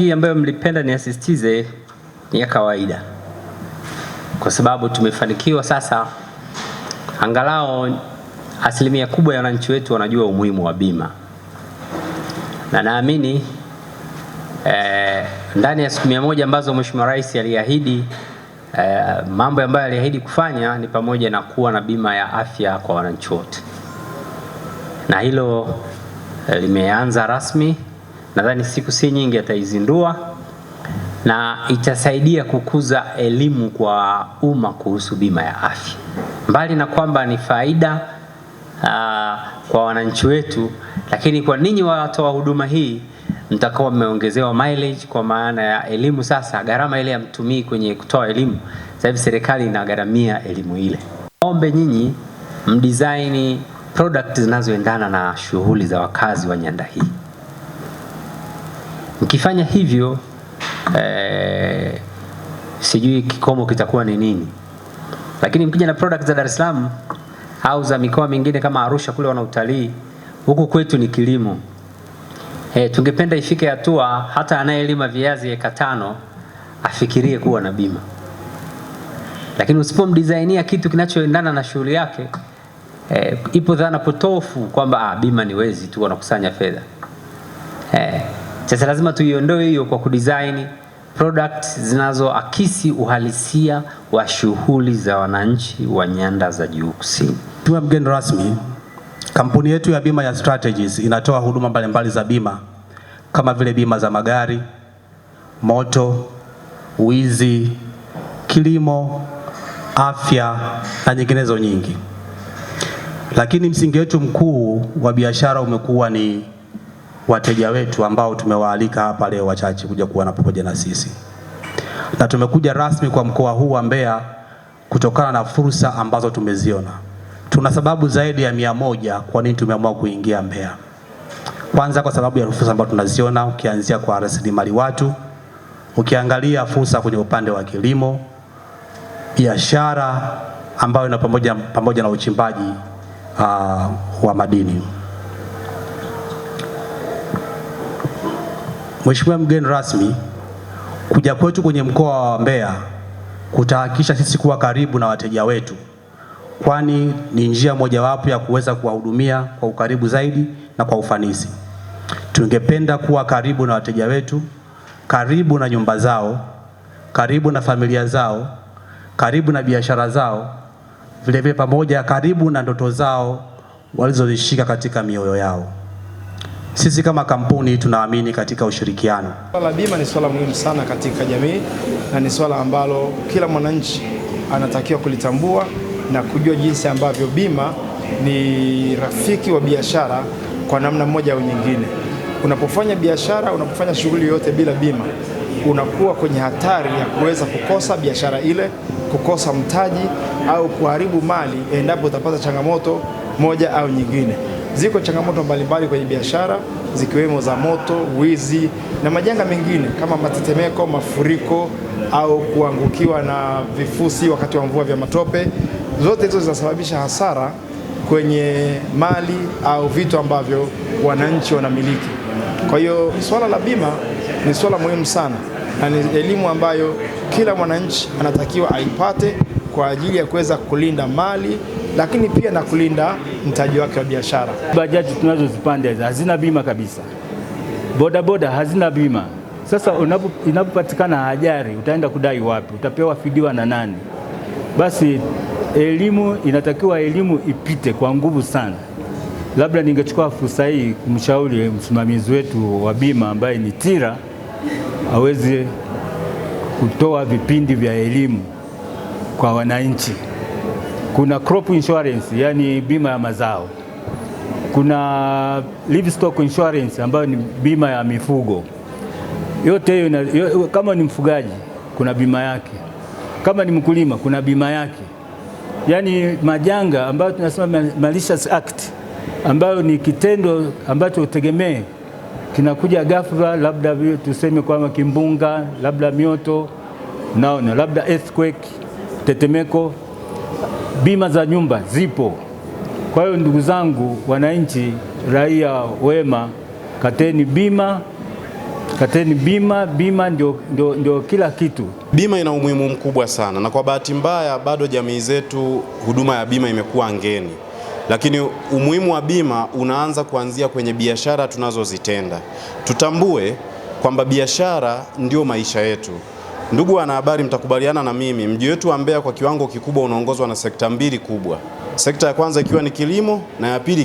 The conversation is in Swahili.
Hii ambayo mlipenda niasisitize ni ya kawaida, kwa sababu tumefanikiwa sasa, angalau asilimia kubwa ya wananchi wetu wanajua umuhimu wa bima, na naamini eh, ndani ya siku mia moja ambazo Mheshimiwa Rais aliahidi eh, mambo ambayo aliahidi kufanya ni pamoja na kuwa na bima ya afya kwa wananchi wote, na hilo eh, limeanza rasmi nadhani siku si nyingi ataizindua na itasaidia kukuza elimu kwa umma kuhusu bima ya afya. Mbali na kwamba ni faida aa, ah, kwa wananchi wetu, lakini kwa ninyi watoa wa huduma hii mtakuwa mmeongezewa mileage, kwa maana ya elimu. Sasa gharama ile ya mtumii kwenye kutoa elimu, sasa hivi serikali inagharamia elimu ile. Ombe nyinyi mdesign product zinazoendana na shughuli za wakazi wa nyanda hii. Ukifanya hivyo eh, sijui kikomo kitakuwa ni nini, lakini mkija na product za Dar es Salaam au za mikoa mingine kama Arusha kule wana utalii, huku kwetu ni kilimo. Eh, tungependa ifike hatua hata anayelima viazi eka tano afikirie kuwa na bima, lakini usipomdesignia kitu kinachoendana na shughuli yake eh, ipo dhana potofu kwamba ah, bima ni wezi tu wanakusanya fedha eh. Sasa lazima tuiondoe hiyo kwa kudesign products zinazoakisi uhalisia wa shughuli za wananchi wa nyanda za juu kusini. Mheshimiwa mgeni rasmi, kampuni yetu ya bima ya Strategies inatoa huduma mbalimbali za bima kama vile bima za magari, moto, wizi, kilimo, afya na nyinginezo nyingi, lakini msingi wetu mkuu wa biashara umekuwa ni wateja wetu ambao tumewaalika hapa leo wachache kuja kuwa na pamoja na sisi, na tumekuja rasmi kwa mkoa huu wa Mbeya kutokana na fursa ambazo tumeziona. Tuna sababu zaidi ya mia moja kwa nini tumeamua kuingia Mbeya. Kwanza kwa sababu ya fursa ambazo tunaziona, ukianzia kwa rasilimali watu, ukiangalia fursa kwenye upande wa kilimo, biashara ambayo ina pamoja, pamoja na uchimbaji uh, wa madini. Mheshimiwa mgeni rasmi, kuja kwetu kwenye mkoa wa Mbeya kutahakikisha sisi kuwa karibu na wateja wetu, kwani ni njia mojawapo ya kuweza kuwahudumia kwa ukaribu zaidi na kwa ufanisi. Tungependa kuwa karibu na wateja wetu, karibu na nyumba zao, karibu na familia zao, karibu na biashara zao, vilevile pamoja, karibu na ndoto zao walizozishika katika mioyo yao. Sisi kama kampuni tunaamini katika ushirikiano. Swala la bima ni swala muhimu sana katika jamii na ni swala ambalo kila mwananchi anatakiwa kulitambua na kujua jinsi ambavyo bima ni rafiki wa biashara kwa namna moja au nyingine. Unapofanya biashara, unapofanya shughuli yoyote bila bima, unakuwa kwenye hatari ya kuweza kukosa biashara ile, kukosa mtaji au kuharibu mali endapo utapata changamoto moja au nyingine. Ziko changamoto mbalimbali kwenye biashara zikiwemo za moto, wizi na majanga mengine kama matetemeko, mafuriko au kuangukiwa na vifusi wakati wa mvua vya matope. Zote hizo zinasababisha hasara kwenye mali au vitu ambavyo wananchi wanamiliki. Kwa hiyo swala la bima ni swala muhimu sana na ni elimu ambayo kila mwananchi anatakiwa aipate kwa ajili ya kuweza kulinda mali lakini pia na kulinda mtaji wake wa biashara. Bajaji tunazozipanda hazina bima kabisa, bodaboda hazina bima. Sasa inapopatikana ajali, utaenda kudai wapi? Utapewa fidiwa na nani? Basi elimu inatakiwa, elimu ipite kwa nguvu sana. Labda ningechukua fursa hii kumshauri msimamizi wetu wa bima ambaye ni TIRA aweze kutoa vipindi vya elimu kwa wananchi kuna crop insurance, yani bima ya mazao, kuna livestock insurance ambayo ni bima ya mifugo. Yote hiyo, kama ni mfugaji kuna bima yake, kama ni mkulima kuna bima yake. Yani majanga ambayo tunasema malicious act, ambayo ni kitendo ambacho utegemee kinakuja ghafla, labda tuseme kwamba kimbunga, labda mioto naona, labda earthquake, tetemeko bima za nyumba zipo. Kwa hiyo ndugu zangu wananchi, raia wema, kateni bima, kateni bima. Bima ndio, ndio, ndio kila kitu. Bima ina umuhimu mkubwa sana, na kwa bahati mbaya bado jamii zetu huduma ya bima imekuwa ngeni, lakini umuhimu wa bima unaanza kuanzia kwenye biashara tunazozitenda. Tutambue kwamba biashara ndio maisha yetu. Ndugu wanahabari, mtakubaliana na mimi, mji wetu wa Mbeya kwa kiwango kikubwa unaongozwa na sekta mbili kubwa, sekta ya kwanza ikiwa ni kilimo na ya pili ikiwa